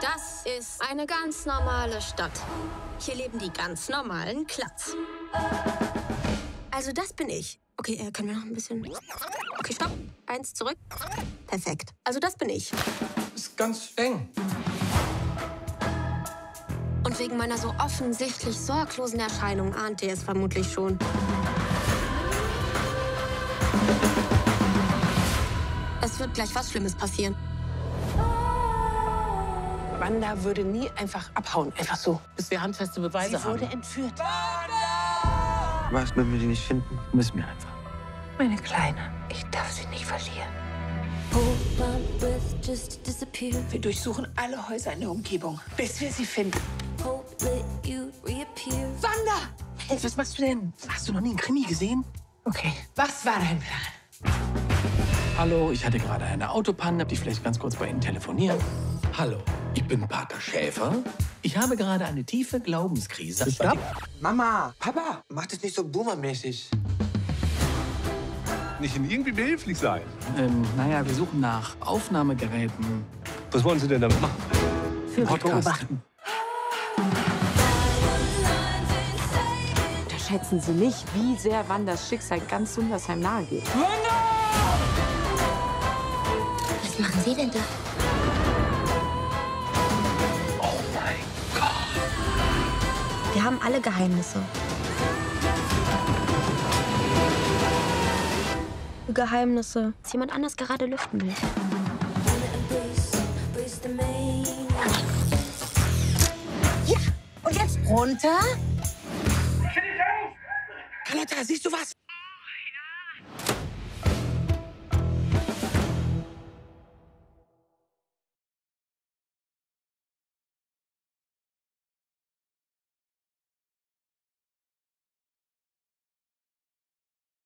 Das ist eine ganz normale Stadt. Hier leben die ganz normalen Klats. Also das bin ich. Okay, äh, können wir noch ein bisschen... Okay, stopp. Eins zurück. Perfekt. Also das bin ich. Ist ganz eng. Und wegen meiner so offensichtlich sorglosen Erscheinung ahnt ihr es vermutlich schon. Es wird gleich was Schlimmes passieren. Wanda würde nie einfach abhauen, einfach so. Bis wir handfeste Beweise Sie haben. Sie wurde entführt. Wanda! Was, wenn wir die nicht finden? Müssen wir einfach. Meine Kleine, ich darf sie nicht verlieren. Wir durchsuchen alle Häuser in der Umgebung, bis wir sie finden. Wanda! Hey, was machst du denn? Hast du noch nie einen Krimi gesehen? Okay. Was war dein Plan? Hallo, ich hatte gerade eine Autopanne. Habt ihr vielleicht ganz kurz bei Ihnen telefonieren? Hallo, ich bin Parker Schäfer. Ich habe gerade eine tiefe Glaubenskrise. Stopp! Mama, Papa, mach das nicht so boomermäßig. Nicht in irgendwie behilflich sein. Ähm, naja, wir suchen nach Aufnahmegeräten. Was wollen Sie denn damit machen? Für Podcast. Unterschätzen Sie nicht, wie sehr Wanders Schicksal ganz Sundersheim nahe geht. Wander! Was machen Sie denn da? Oh mein Gott. Wir haben alle Geheimnisse. Geheimnisse, dass jemand anders gerade lüften will. Ja, und jetzt runter. Kann er da? Siehst du was?